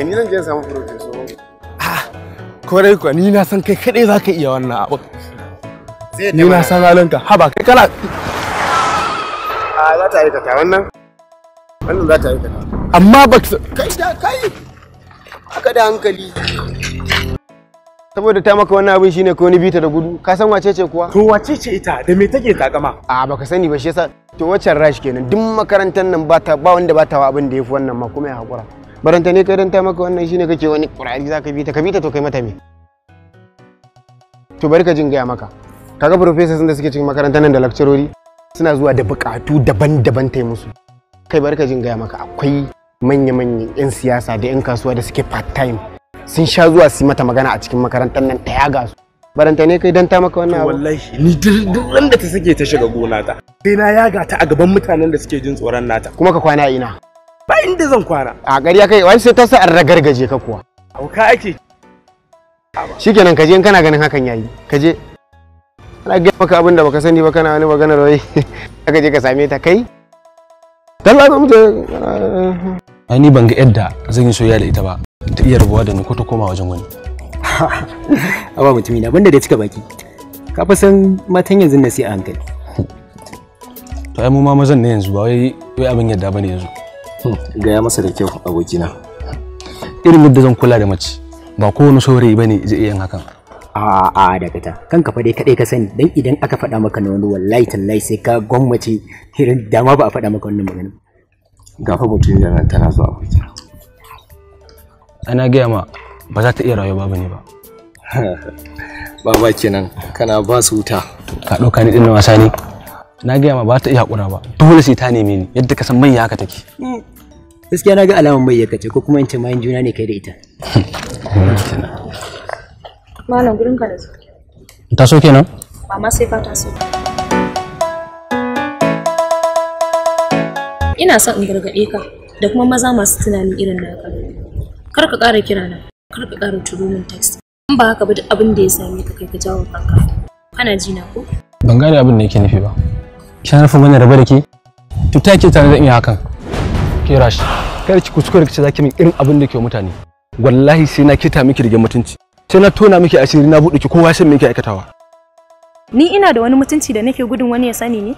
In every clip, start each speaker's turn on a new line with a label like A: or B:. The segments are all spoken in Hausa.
A: haka ni zan je samu ah, kwa ni na san kai kadai zaka iya wannan abu ni na san halinka haba kai kana a za ta ta wannan wannan za ta aikata amma ba kai da kai aka da hankali saboda ta maka wannan abin shine ko ni bita da gudu ka san wace ce kuwa to wace ce ita da me take takama a baka sani ba shi yasa to waccan rash kenan duk makarantar nan ba ta ba wanda ba ta wa abin da yafi wannan ma kuma ya hakura baranta ne kai dan ta maka wannan shine kake wani za zaka bi ta ka bi ta to kai mata me to bari ka jin gaya maka kaga professors da suke cikin makarantar nan da lecturori suna zuwa da bukatu daban-daban ta musu kai bari ka jin gaya maka akwai manya-manyan 'yan siyasa da 'yan kasuwa da suke part-time sun sha zuwa su mata magana a cikin makarantar nan ta yaga su baranta ne kai dan ta maka wannan wallahi ni duk wanda ta suke ta shiga gona ta sai na yaga ta a gaban mutanen da suke jin tsoron nata kuma ka kwana ina ba inda zan kwana a gari ya kai wani sai ta sa'ar an ragargaje ka kuwa auka ake shikenan ka je in kana ganin hakan yayi ka je ana gaya maka abin da baka sani ba kana wani magana da wai ka je ka same ta kai dalla ga mutum ai ni ban ga yadda zan yi soyayya da ita ba ta iya rabuwa da ni ko ta koma wajen wani amma mutumi na banda da cika baki ka fa san matan yanzu na sai a hankali to ai mu ma mazan ne yanzu ba wai abin yadda bane yanzu Hmm, gaya masa da kyau abokina irin yadda zan kula da mace ba kowane saurayi ne zai iya yin hakan a a da ta kan ka faɗe kaɗai ka sani dan idan aka faɗa maka na wani wallahi tallahi sai ka gwammace irin dama ba a faɗa maka wannan magana gafa mutum nan tana zuwa abokina ana gaya ma ba za ta iya rayuwa ba ne ba baba kenan kana ba su wuta ka ɗauka ni ɗin wasa ne na gaya ma ba ta iya hakura ba dole sai ta neme ni yadda ka san mai haka take
B: hmm. gaskiya na ga alaman mai ce ko kuma in ce mayin juna ne kai da ita
C: malam gurin ka da su ta so kenan ba ma sai ba ta so ina son in gargaɗe ka da kuma maza masu tunani irin naka kar ka ƙara kira na kar ka ƙara turo min text in ba haka ba duk abin da ya same ka kai ka jawo kanka kana ji na ko
A: ban gane abin da yake nufi ba sha nufin mana rabu da ke to ta ke tare da iya hakan ke kada ki kuskure ki ce zaki min irin abin da ke mutane wallahi sai na kita miki rigen mutunci sai na tona miki asiri na buɗe ki kowa san miki aikatawa
C: ni ina da wani mutunci da nake gudun wani ya sani ne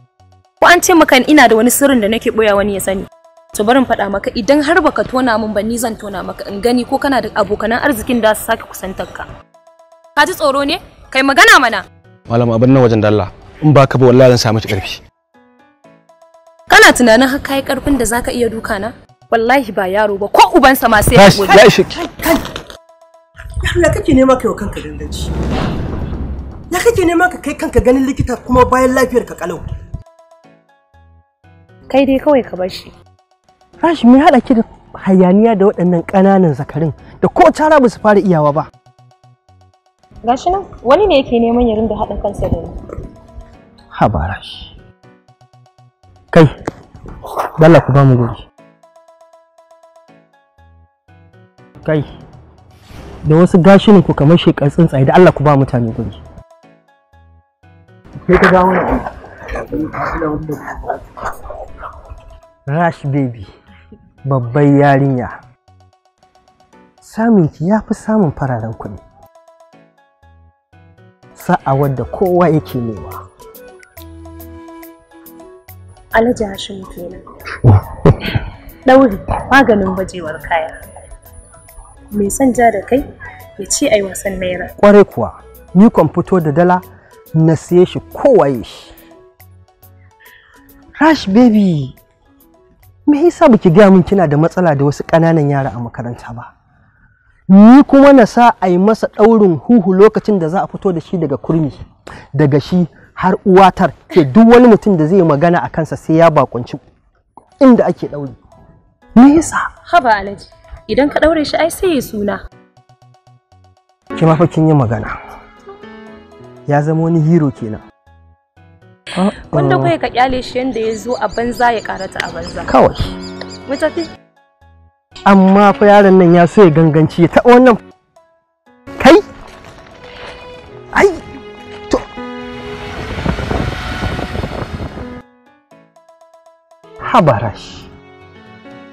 C: ko an ce maka ina da wani sirrin da nake boya wani ya sani to barin faɗa maka idan har baka tona min ba ni zan tona maka in gani ko kana da abokanan arzikin da su sake kusantar ka ka ji tsoro ne kai magana mana
A: malam abin nan wajen dalla in baka ba wallahi zan samu ki karfi
C: kana tunanin har kai karfin da zaka iya duka na wallahi ba yaro ba ko ubansa ma sai ya gode ya shi ya kake
D: nema kai kanka danganci
C: ya kake nema ka kai kanka ganin likita kuma bayan lafiyar ka kalau kai dai kawai ka bar shi
D: Rashi me haɗa ki da hayaniya da waɗannan ƙananan zakarin da ko tara ba su fara iyawa ba.
C: Gashi nan wani ne yake neman ya rinda haɗa kansa da ni.
D: Haba Rashi. kai dala ku ba mu kai da wasu gashi ne ku kamar shekar tsuntsaye da Allah ku ba mutane gobe sai ka dawo Rash baby babbar yarinya saminki ya fi samun fararen kuɗi Sa'a da kowa yake nema.
C: alhaji hashim kenan ɗauri maganin bajewar kaya mai son ja da kai ya ce ai wasan naira
D: ƙwarai kuwa ni kan fito da dala na siye shi kowaye shi rash baby me yasa baki gaya min kina da matsala da wasu ƙananan yara a makaranta ba ni kuma na sa a yi masa ɗaurin huhu lokacin da za a fito da shi daga kurmi daga shi har uwatar ke duk wani mutum da zai magana a kansa sai ya bakunci inda ake ɗauri.
C: Me yasa? Haba Alhaji, idan ka ɗaure shi ai sai ya suna.
D: Ki ma kin yi magana. Ya zama wani hero kenan. Wanda kawai
C: ka kyale shi yadda ya zo a banza ya karata a banza. Kawai. Mu tafi.
D: Amma fa yaron nan ya so ya ganganci ya taɓa wannan habara shi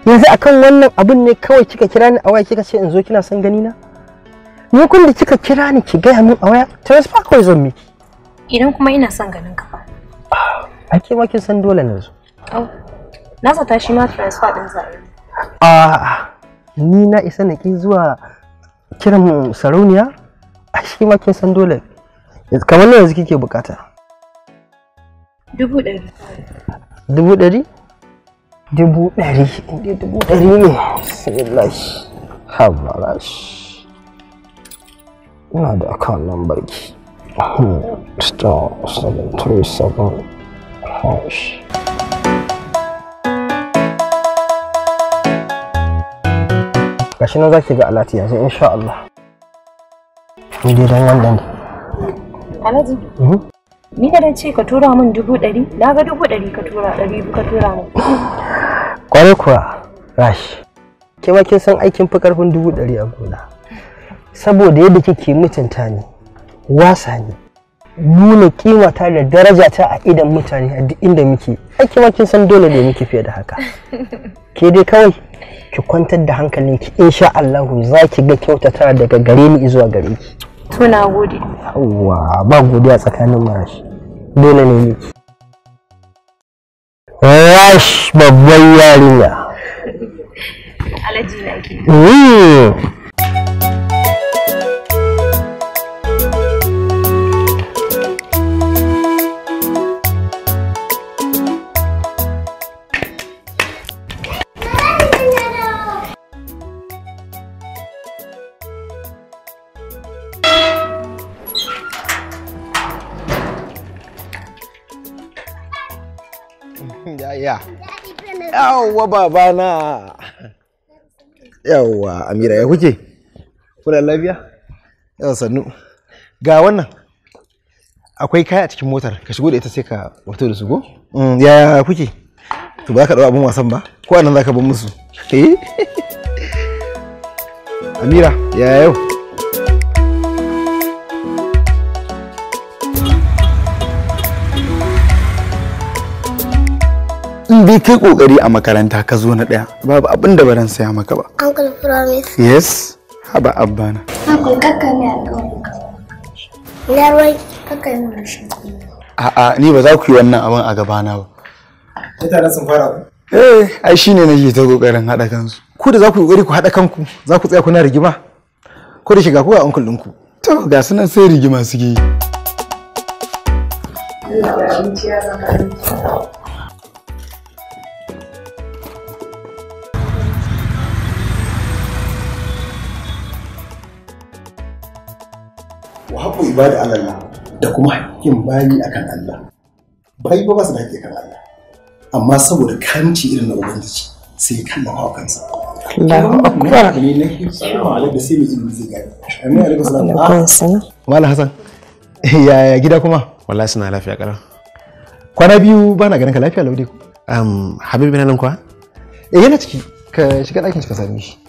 D: yanzu akan wannan abun ne kawai kika kira ni a waya kika ce in zo kina son gani na ni kun da kika kira ni ki gaya min a waya fa kawai zan miki
C: idan kuma ina son ganin ka fa
D: a ke ma kin san dole na zo
C: na ta shi ma transfer din za
D: a ni na isa na ki zuwa kiran sarauniya a shi ma kin san dole kamar yanzu kike bukata dubu ɗari dubu ɗari dubu ɗari inda dubu ɗari ne bismillahi habarash ina da akan nan ki star 737 hash gashi na zaki ga alati yanzu insha Allah ni dai dan wannan Alhaji hmm?
C: Ni da na ce ka tura min dubu ɗari, na ga dubu ɗari ka tura ɗari ka tura min.
D: Kwarai kuwa, Rash, ke ma kin san aikin fi karfin dubu ɗari a gona. Saboda yadda kike mutunta ni, wasa ne. nuna ƙimata da daraja ta a idan mutane a duk inda muke. ake ma kin san dole da muke fiye da haka. Ke dai kawai ki kwantar da hankalinki insha Allahu za ki ga kyautata daga gare ni zuwa gare ki.
C: to na gode
D: yawwa ba godiya tsakanin marashi dole ne rash babban yarinya
C: na ke
E: hmm.
A: yawwa babana yawwa amira ya kuke kuna lafiya yawa sannu ga wannan akwai kaya a cikin motar ka shigo da ita sai ka wato da su go mm, ya kuke to ba ka dawo abin wasan ba ko anan zaka bar musu amira ya yau in dai kai kokari a makaranta ka zo na daya babu abin da baran saya maka ba
E: uncle promise
A: yes haba abbana
E: uncle kakka ne alƙawarin ka na ruwan kakka ne rashin
A: a'a ni ba za ku yi wannan abin a gabana ba mutanen sun fara eh ai shine nake ta kokarin hada kansu ku da za ku yi kokari ku hada kanku za ku tsaya kuna rigima ko da shiga ku ga uncle ɗinku to ga sunan sai rigima suke yi
E: Allah ya
A: ibada Allah da kuma haƙƙin bayi akan Allah bayi ba su da haƙƙi kan Allah amma saboda kanci irin na ubangiji sai ya hawa kansa gida kuma suna lafiya kara kwana biyu na ganin ka lafiya laude ku na nan kuwa eh yana ciki ka shiga ɗakin shi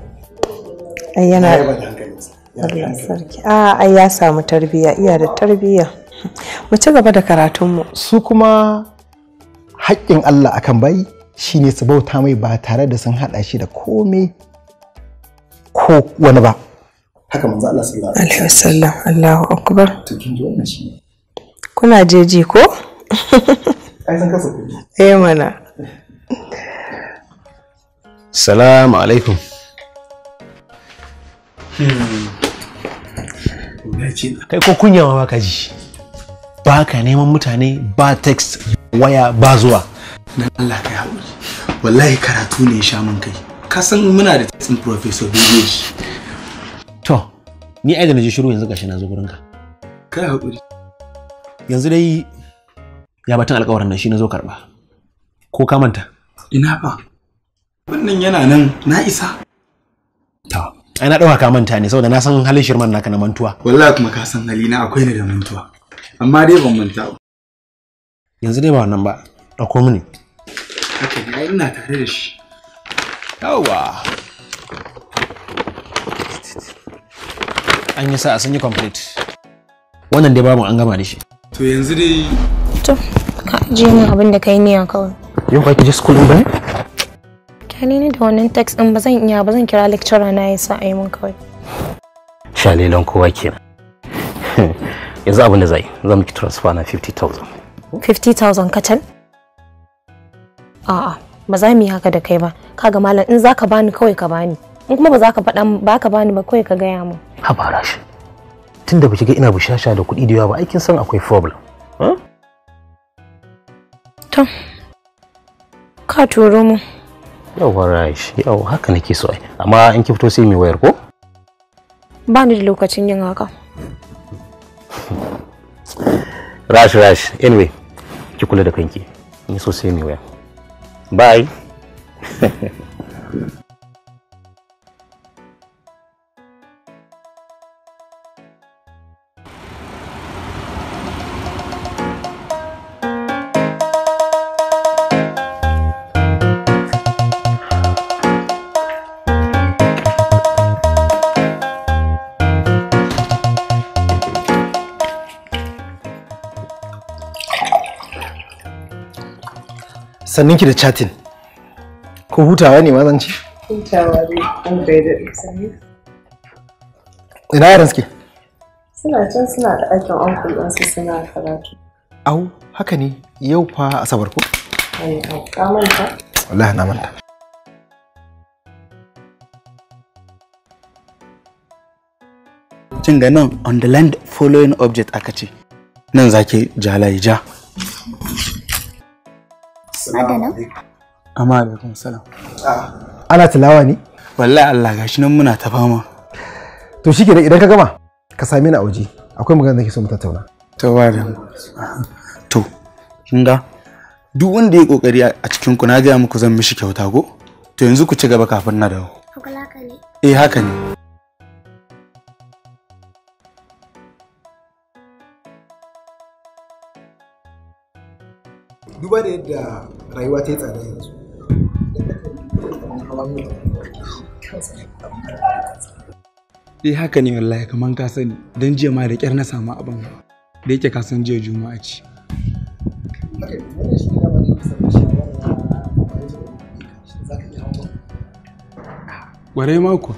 D: ai yana da hankali a ya samu tarbiyya
A: iya da tarbiyya mu ci gaba da karatunmu su kuma haƙƙin Allah akan bayi shine su bauta mai ba tare da sun haɗa shi da komai ko wani ba haka manzo Allah sallallahu alaihi wasallam Allahu akbar
D: kuna jeji ko ai san kasa ku eh mana
A: salamu alaikum Hmm. kai ko kunya ba ka ji ba ka neman mutane ba text waya ba zuwa dan Allah kai haƙuri wallahi karatu ne sha mun kai ka san muna da tsin professor Bigeji to ni ai da na ji shiru yanzu gashi na zo gurin ka kai haƙuri yanzu dai ya batun alƙawarin nan shi na zo karɓa ko ka manta ina ba wannan yana nan na isa ta ai na dauka ka manta ne saboda na san halin shirman naka na mantuwa wallahi kuma ka san halina akwai ne da mantuwa amma dai ban manta yanzu dai ba wannan ba dauko mini haka ne ina tare da shi yawa an yi sa'a sun yi complete wannan dai babu an gama da shi to yanzu dai
C: to ka je min abin da kai niyan kawai
A: yau ka ki je school din bane
C: gani ne da wannan text din ba zan iya ba zan kira lecturer na yasa a yi mun kawai
A: shalilan kowa ke yanzu abin da zai zan miki transfer na 50000
C: 50000 kacal a'a ba za mu yi haka da kai ba kaga malam in zaka bani kawai ka bani in kuma ba za ka faɗa ba ka bani ba kawai ka gaya mu ba rashi tunda ba ga ina bushasha
A: da kuɗi da yawa ba aikin san akwai problem
C: to ka turo mu
A: yawa rash haka nake so ai amma in ki fito sai ko
C: ba ni da lokacin yin haka
A: rash rash anyway ki kula da kanki ni so sai bye sannin ki da chatting ko hutawa ne ma zan ci
B: hutawa ne an gaida da sani ina yaran suke suna can suna da aikin uncle din su suna karatu
A: au haka ne yau fa asabar ko
B: ai au ka manta
A: wallahi na manta kin ga nan on the land following object aka ce nan zake jalaye ja Adana. Amma alaikum salam. Ana tilawa ne? Wallahi Allah gashi nan muna ta fama. To shi idan ka gama ka same ni a waje akwai magana da ke so mu tattauna. To ba da To kin ga duk wanda ya kokari a cikin ku na ga muku zan mishi kyauta ko? To yanzu ku ci gaba kafin na dawo. Haka ne. Eh haka ne. duba da yadda rayuwa ta yi tsada yanzu dai eh, haka ne wallahi kamar ka sani don jiya ma da kyar na samu abin da yake ka san jiya juma'a ce ware mako.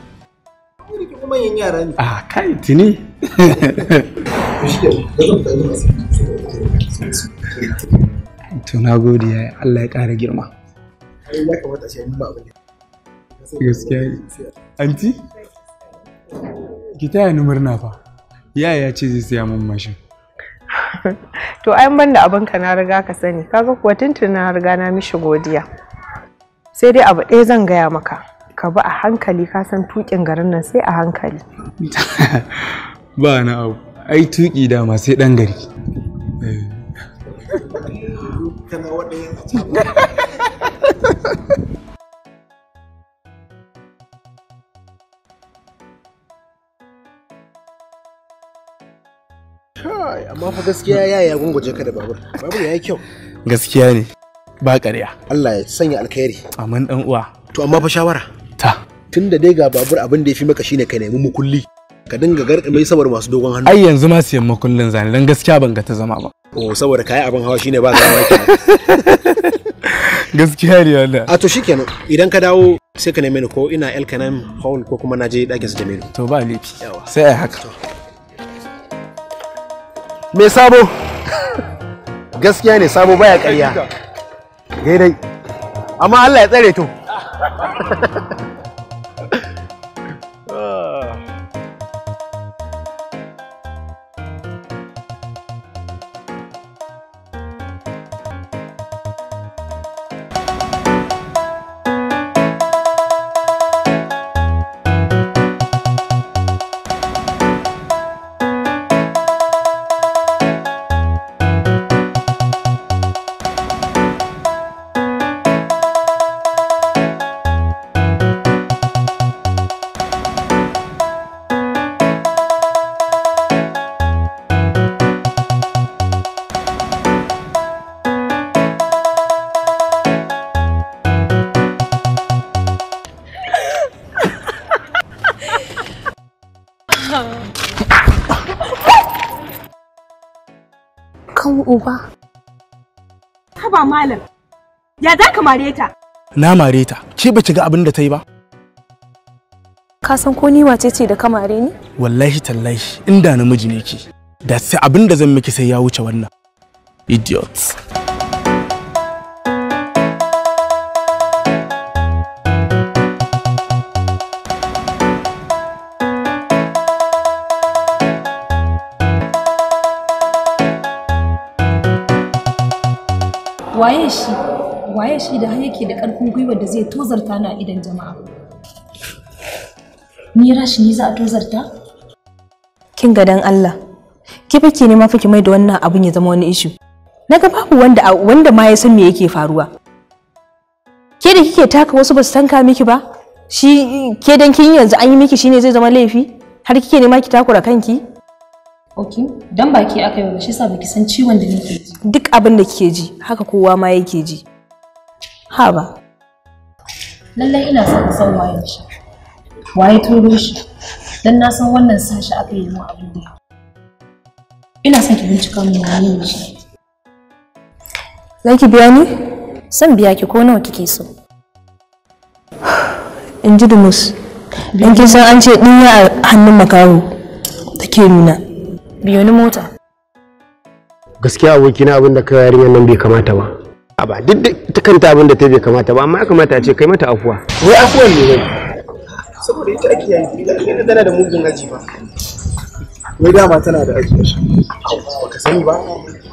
A: manyan yara ne. A ah, kai tuni. to na gode ya Allah ya ƙara girma gaskiya anti ki taya ni murna fa yaya ce zai siya mun mashin
D: to ai ban da abin ka na riga ka sani kaga kuwa tuntun na riga na mishi godiya sai dai abu ɗaya zan gaya maka ka bi a hankali ka san tuƙin garin nan sai a hankali
A: ba na abu ai tuƙi dama sai ɗan gari eh.
E: amma
A: gaskiya ya ya gunguje ka da babur. Babur ya yi kyau. Gaskiya ne. Ba ƙarya. Allah ya sanya alkhairi. Amin dan uwa. To amma fa shawara. Ta. Tunda dai ga babur abin da ya fi maka shine ka nemi mukulli. ka dinga garɗi sabar masu dogon hannu ai yanzu ma siyan makullin zane dan gaskiya ban ga ta zama ba oh saboda kayan abin hawa shine ba ga maki gaskiya ne wannan a to shikenan idan ka dawo sai ka neme ni ko ina Elkanam Hall ko kuma naje ɗakin su Jamilu to ba laifi sai ai haka me sabo gaskiya ne sabo baya ƙarya daidai amma Allah ya tsare to
C: Ya za ka mare ta?
A: Na mare ta. Ke ba ga abin da ta yi ba?
C: Ka san ko ni wace ce da ka mare ni?
A: Wallahi tallahi inda namiji ne ki. Da sai abin da zan miki sai ya wuce wannan. Idiots.
C: waye shi da yake da ƙarfin gwiwa da zai tozarta na idan jama'a ni rashi ni za a tozarta kin ga dan Allah ki fake ne ma mafi mai da wannan abun ya zama wani ishu naga babu wanda wanda ma ya san me yake faruwa ke da kike taka wasu ba su tanka miki ba shi ke dan kin yanzu an yi miki shine zai zama laifi har kike ne ma ki takura kanki Ok, dan baki aka yi shi sa baki san ciwon da nake ji. Duk abin da kike ji, haka kowa ma yake ji. Haba. Lallai ina son san waye shi. Waye turo shi. Dan na san wannan sashi aka yi mu abin da. Ina son ki bincika min waye shi. Zan ki biya ni? San biya ki ko nawa kike so. In ji Dumus. Dan ki san an ce dinya a hannun makaro take nuna. Biyo ni mota.
A: Gaskiya abokina abin da kai nan bai kamata ba. ba duk da ta kanta abin da ta bai kamata ba amma ya kamata ce kai mata afuwa wai afuwa ne wai saboda ita ake yayi idan kai da tana da mugun aji ba wai dama tana da aji ka sani ba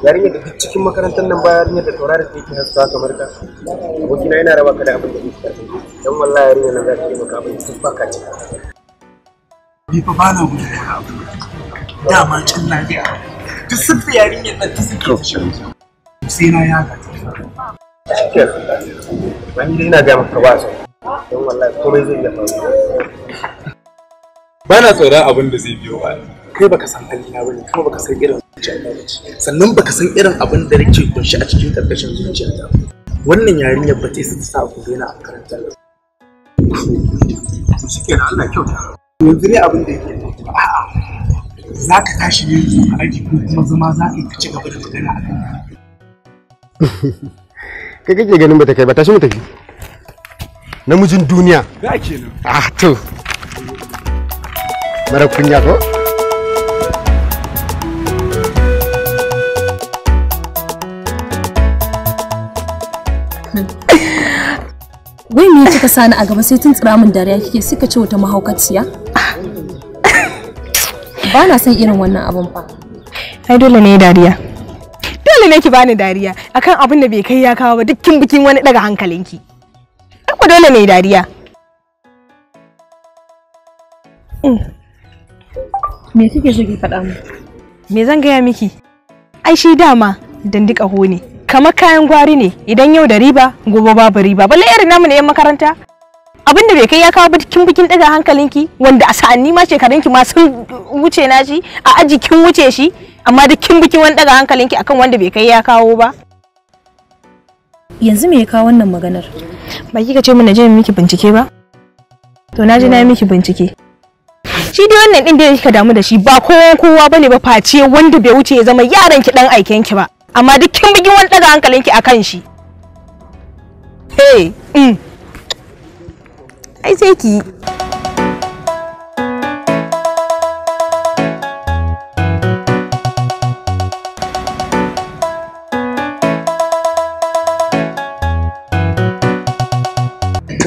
A: yarinya da duk cikin makarantar nan ba yarinya da taurari da yake hasa kamar ka abokina yana raba ka da abin da yake dan wallahi yarinya nan za ta yi maka abin da ba ka ci bi fa ba na gudu da abu dama cin lafiya duk sun fi yarinyar nan
B: ta suke
A: sai na ya gata shek wani dai ina ga maka ba so don wallahi komai zai iya faruwa ba na tsoron abin da zai biyo ba kai baka san halina ba ne kuma baka san irin zuciyarka ba sannan baka san irin abin da nake kunshi a cikin karkashin zuciyarka wannan yarinyar ba ta isa ta sa ku daina a makaranta ba shike da Allah kyau? yanzu ne abin da yake a'a za ka tashi yanzu a aji ko kuma zama za ka yi ka ci gaba da magana a kan kai kake ganin bata kai ba tashi mu tafi namijin duniya ga kenan ah to mara kunya ko
C: Wai me kika sani a gaba sai tun tsira min dariya kike suka ce wata mahaukaciya? Ba na son irin wannan abun fa. Ai dole ne dariya. dole ne ki bani dariya akan abin da bai kai ya kawo ba dukkin bikin wani daga hankalinki ku dole ne dariya mm. me kike so ki faɗa mu me zan gaya miki ai shi dama dandika ho ne kamar kayan gwari ne idan yau da riba gobe babu riba balle irin namu ne yan makaranta abin da bai kai ya kawo bikin bikin daga hankalinki wanda a sa'anni ma shekarunki ma sun wuce na shi a aji kin wuce shi amma duk kin biki wani daga hankalinki akan wanda bai kai ya kawo ba yanzu me ya kawo wannan maganar ba kika ce mun je miki bincike ba to na je na miki bincike shi dai wannan din da kika damu da shi ba kowa kowa bane ba face wanda bai wuce ya zama yaran ki dan aiken ki ba amma duk kin biki wani daga hankalinki akan shi hey eh, mm ai sai ki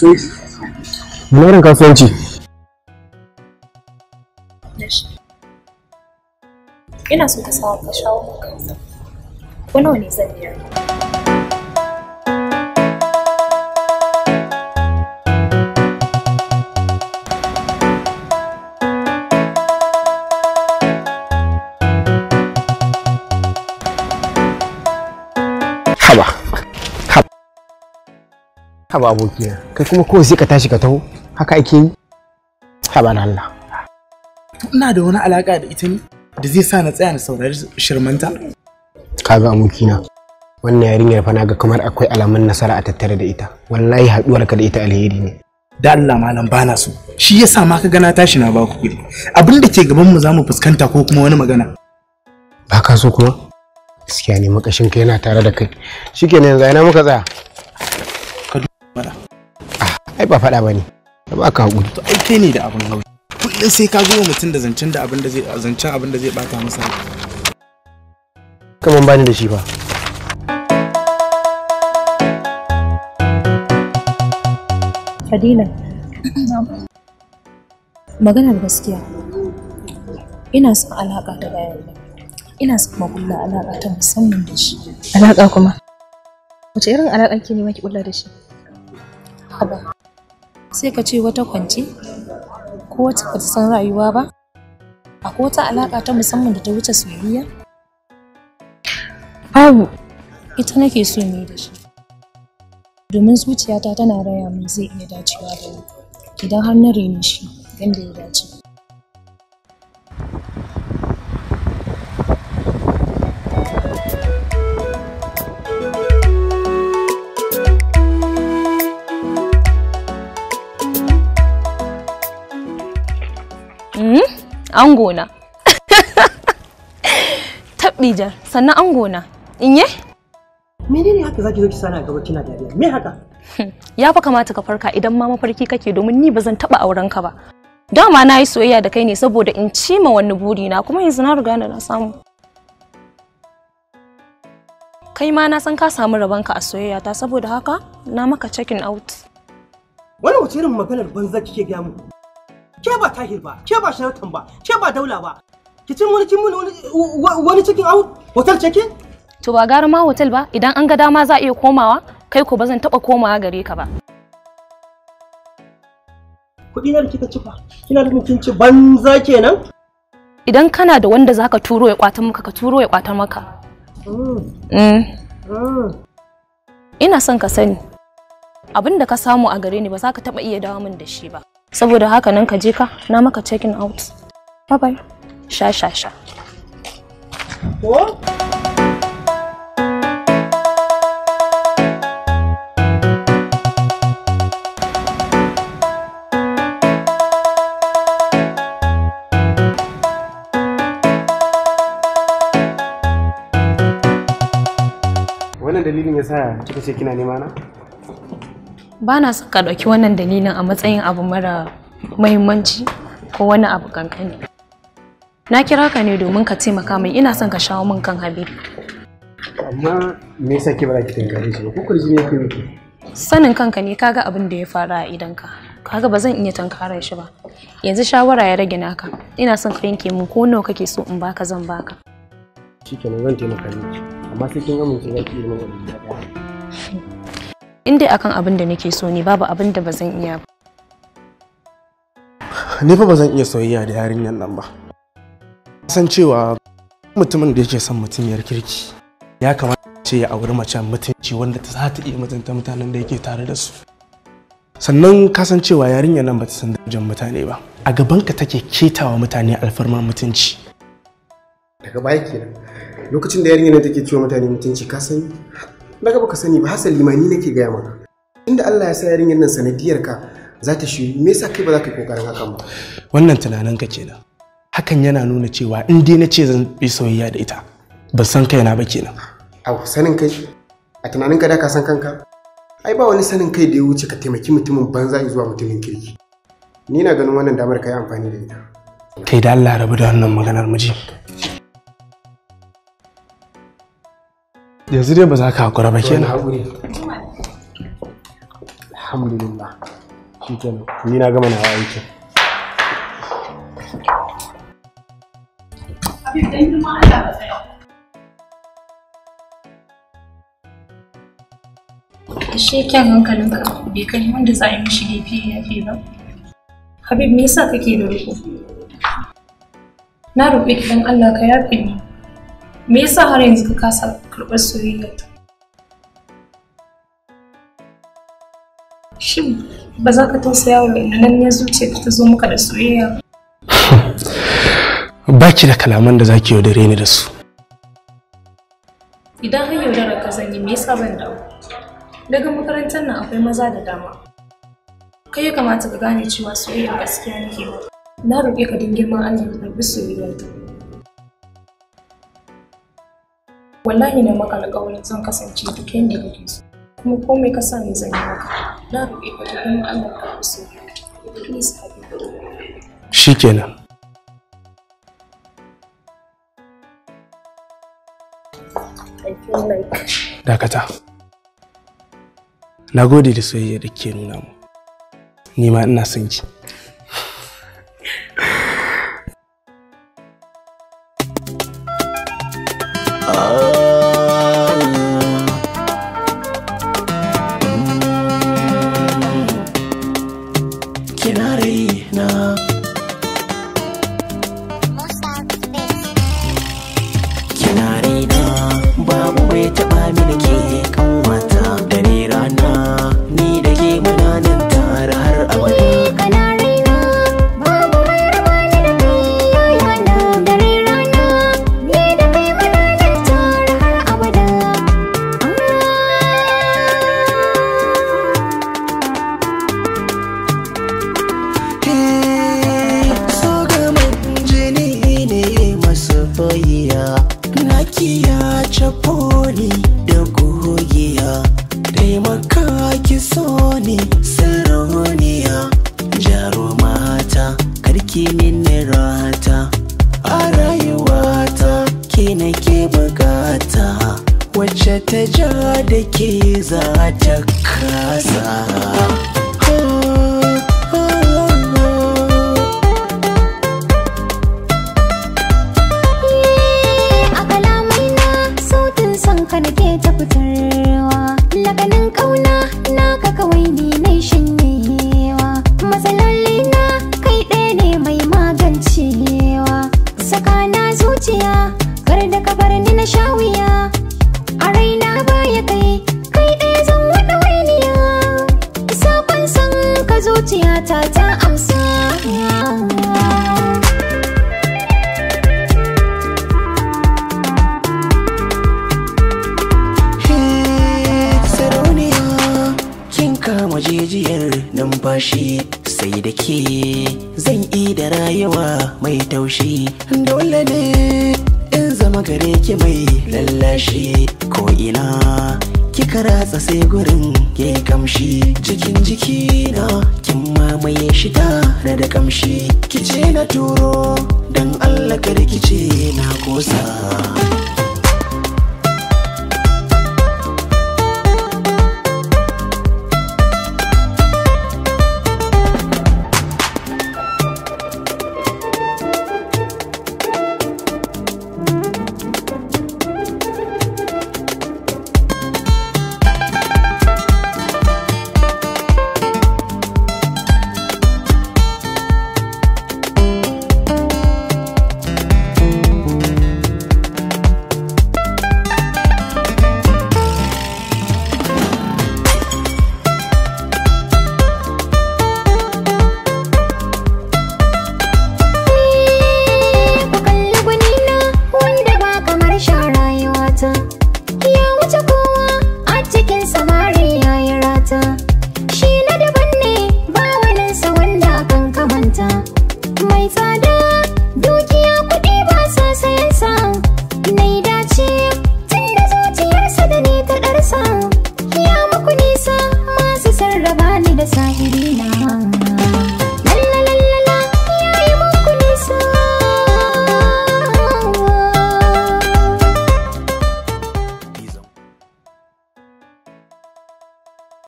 C: sosai
D: wani kasuwanci
C: ina so ka sawa ka shawo kansa ko nawa ne zan biya
A: haba abokina kai kuma kawai sai ka tashi ka taho haka ake yi haba na Allah ina da wani alaka da ita ne da zai sa na tsaya na saurari shirmanta kaga amokina? wannan yarinyar fa naga kamar akwai alamun nasara a tattare da ita wallahi haduwar ka da ita alheri ne da Allah malam bana so shi yasa ma ka gana tashi na ba ku kuɗi abin da ke gaban mu zamu fuskanta ko kuma wani magana ba ka so kuma gaskiya ne makashin ka yana tare da kai shikenan yanzu ina muka tsaya ai ba faɗa ba ne da ba ka haƙuri to ai kai ne da abin haushi kullum sai ka zo mutum da zancen da abin da zai zancen abin da zai bata masa kaman bani da shi fa
C: Fadila, maganar gaskiya ina son alaƙa ta bayan ina son magulla alaƙa ta musamman da shi. Alaƙa kuma? Wace irin alaƙa ke ne maki ƙulla da shi? Haba. sai ka ce wata kwance ko wata ba san rayuwa ba akwai wata alaƙa ta musamman da ta wuce soyayya babu ita nake so ne da shi domin zuciyata tana raya min zai iya dacewa da ni idan har na rene shi yadda ya dace angona tabbija sannan angona inye menene haka zaki zo ki sana gaba kina dariya me haka ya fa kamata ka farka idan ma mafarki kake domin ni ba zan taba auren ka ba dama na yi soyayya da kai ne saboda in cima wani buri na kuma yanzu na riga na samu kai ma na san ka samu ka a soyayya ta saboda haka na maka checking out wani wace irin maganar banza kike ga mu ke ba tahir ba ke ba sharatan ba ke ba daula ba ki cin wani kin wani wani cikin au hotel cikin to ba gara ma hotel ba idan an ga dama za a iya komawa kai ko ba zan taba komawa gare ka ba
D: kudi na kika cika,
C: kina da kin ci banza kenan idan kana da wanda zaka turo ya kwata maka ka turo ya kwata maka mm. Mm. ina son ka sani abin da ka samu a gare ni ba za ka taba iya dawo min da shi ba saboda haka nan ka je ka na maka checking out bye bye sha sha sha
A: wannan dalilin ya sa kika ce kina nema na?
C: ba na son ka ɗauki wannan dalilin a matsayin abu mara mahimmanci ko wani abu kankani na kira ka ne domin ka taimaka min ina son ka shawo min kan habibu
A: amma me yasa ke bara ki tangare shi ko kurji ne ke miki
C: sanin kanka ne kaga abin da ya fara a Ka kaga ba zan iya tankarar shi ba yanzu shawara ya rage naka ina son ka yanke min ko nawa kake so in baka zan baka
A: shikenan zan taimaka miki amma sai kin amince zaki yi min wani
C: in dai akan abin da nake so ne babu abin da bazan iya ba
A: ni fa ba zan iya soyayya da yarinyan nan ba san cewa mutumin da yake son mutum yar kirki ya kamata ce ya auri macen mutunci wanda ta za ta iya mutunta mutanen da yake tare da su sannan kasancewa yarinyar nan ba ta san darajar mutane ba a gabanka take ketawa mutane alfarmar mutunci daga baya kenan lokacin da yarinyar nan take cewa mutane mutunci ka sani na gaba ka sani ba hasa Limani nake gaya maka inda Allah ya sa yarinyar nan sanadiyar ka za ta shi me yasa kai ba za ka kokarin hakan ba wannan tunanin ka kenan hakan yana nuna cewa in dai na ce zan yi soyayya da ita ban san kaina ba kenan A sanin kai a tunanin ka da ka san kanka ai ba wani sanin kai da ya wuce ka taimaki mutumin banza zuwa mutumin kirki ni na ganin wannan damar ka yi amfani da ita kai da Allah rabu da wannan maganar miji yanzu dai ba za ka hakura ba kenan alhamdulillah shi kenan ni na gama nawa aikin abin dan girma Allah ba
C: kyan hankalin ka bai kai wanda za a yi mishi gefe ya fi ba habib me yasa kake da roƙo na ki dan Allah ka yafe ni me yasa har yanzu ka kasa karɓar ta? shin ba za ka tausaya wa nan ya zuce ta zo maka da soyayya
A: ba ki da kalaman da za ki yaudare ni da su
C: idan har yaudara ka zanyi me yasa ban dawo daga makarantar nan akwai maza da dama kai ya kamata ka gane cewa soyayya gaskiya nake na roƙe ka don girman Allah ka karɓi wallahi ne maka alƙawarin zan kasance duk yadda kake so kuma komai ka sa ni zan yi maka na roƙe ka duk wani Allah ka fi so please habi
A: shikenan dakata na gode da soyayya da ke nuna mu ni ma ina son ki
B: wuce koli da gogiya taimaka ke zan yi da rayuwa mai taushi dole ne in zama gare ki mai lallashi ko ina kika ratsa sai gurin ya kamshi cikin jiki na kin mamaye shi tare da kamshi kice na turo don allah ka rikice na kosa